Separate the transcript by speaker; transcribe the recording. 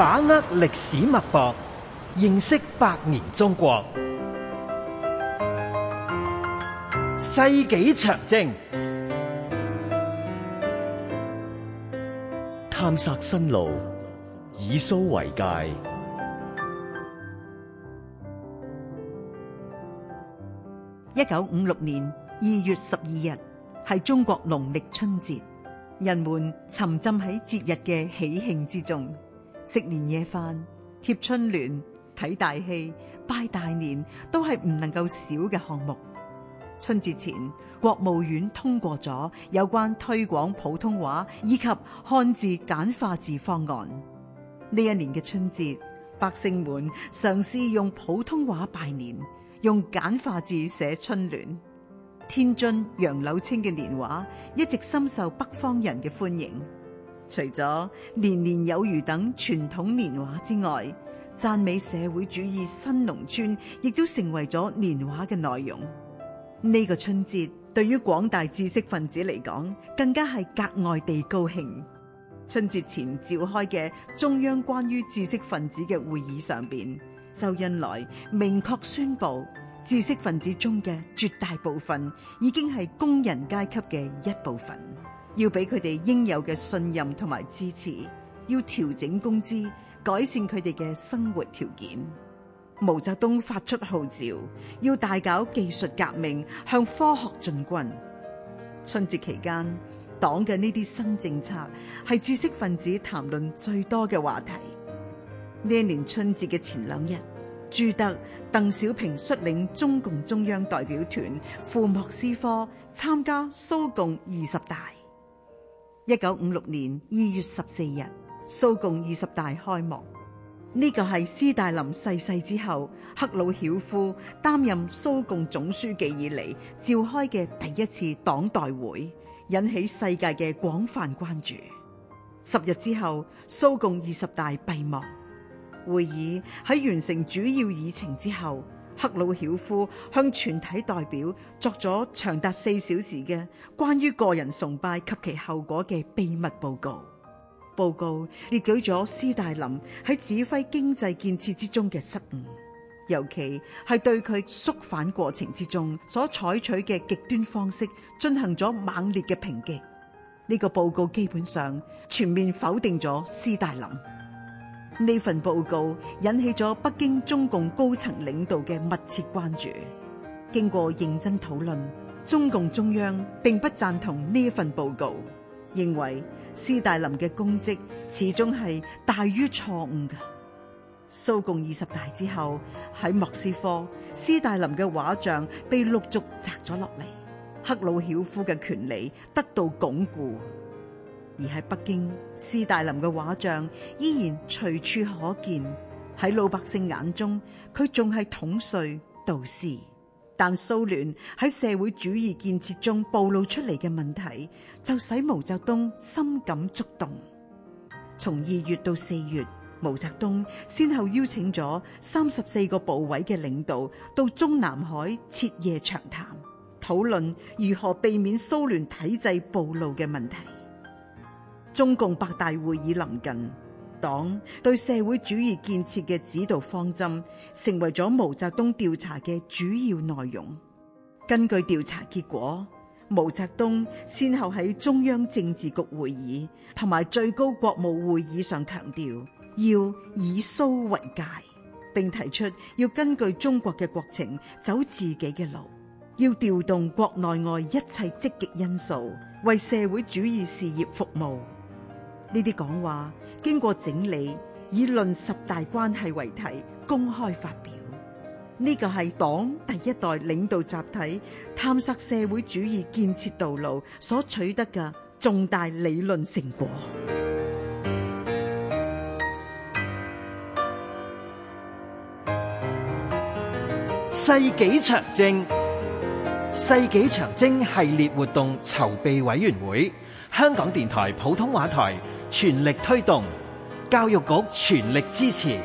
Speaker 1: 把握歷史脈搏，認識百年中國。世紀長征，探索新路，以蘇為戒。一九五六年二月十二日係中國農曆春節，人們沉浸喺節日嘅喜慶之中。食年夜飯、貼春聯、睇大戲、拜大年，都係唔能夠少嘅項目。春節前，國務院通過咗有關推廣普通話以及漢字簡化字方案。呢一年嘅春節，百姓們嘗試用普通話拜年，用簡化字寫春聯。天津楊柳青嘅年畫一直深受北方人嘅歡迎。除咗年年有餘等傳統年畫之外，讚美社會主義新農村亦都成為咗年畫嘅內容。呢個春節對於廣大知識分子嚟講，更加係格外地高興。春節前召開嘅中央關於知識分子嘅會議上邊，周恩來明確宣佈，知識分子中嘅絕大部分已經係工人階級嘅一部分。要俾佢哋應有嘅信任同埋支持，要調整工資，改善佢哋嘅生活條件。毛澤東發出號召，要大搞技術革命，向科學進軍。春節期間，黨嘅呢啲新政策係知識分子談論最多嘅話題。呢一年春節嘅前兩日，朱德、鄧小平率領中共中央代表團赴莫斯科參加蘇共二十大。一九五六年二月十四日，蘇共二十大開幕，呢個係斯大林逝世之後，赫魯曉夫擔任蘇共總書記以嚟召開嘅第一次黨代會，引起世界嘅廣泛關注。十日之後，蘇共二十大閉幕，會議喺完成主要議程之後，赫魯曉夫向全體代表作咗長達四小時嘅關於個人崇拜及其後果嘅秘密報告。報告列舉咗斯大林喺指揮經濟建設之中嘅失誤，尤其係對佢肅反過程之中所採取嘅極端方式進行咗猛烈嘅抨擊。呢個報告基本上全面否定咗斯大林。呢份報告引起咗北京中共高層領導嘅密切關注。經過認真討論，中共中央並不贊同呢份報告，認為斯大林嘅功績始終係大於錯誤嘅。蘇共二十大之後，喺莫斯科，斯大林嘅畫像被陸續摘咗落嚟，赫魯曉夫嘅權力得到鞏固。而喺北京，斯大林嘅畫像依然隨處可見。喺老百姓眼中，佢仲係統帥導師。但蘇聯喺社會主義建設中暴露出嚟嘅問題，就使毛澤東深感觸動。從二月到四月，毛澤東先後邀請咗三十四個部委嘅領導到中南海徹夜長談，討論如何避免蘇聯體制暴露嘅問題。中共八大會議臨近，黨對社會主義建設嘅指導方針成為咗毛澤東調查嘅主要內容。根據調查結果，毛澤東先後喺中央政治局會議同埋最高國務會議上強調，要以蘇為戒，並提出要根據中國嘅國情走自己嘅路，要調動國內外一切積極因素為社會主義事業服務。呢啲講話經過整理，以論十大關係為題公開發表。呢、這個係黨第一代領導集體探索社會主義建設道路所取得嘅重大理論成果。世紀長征、世紀長征系列活動籌備委員會，香港電台普通話台。全力推動，教育局全力支持。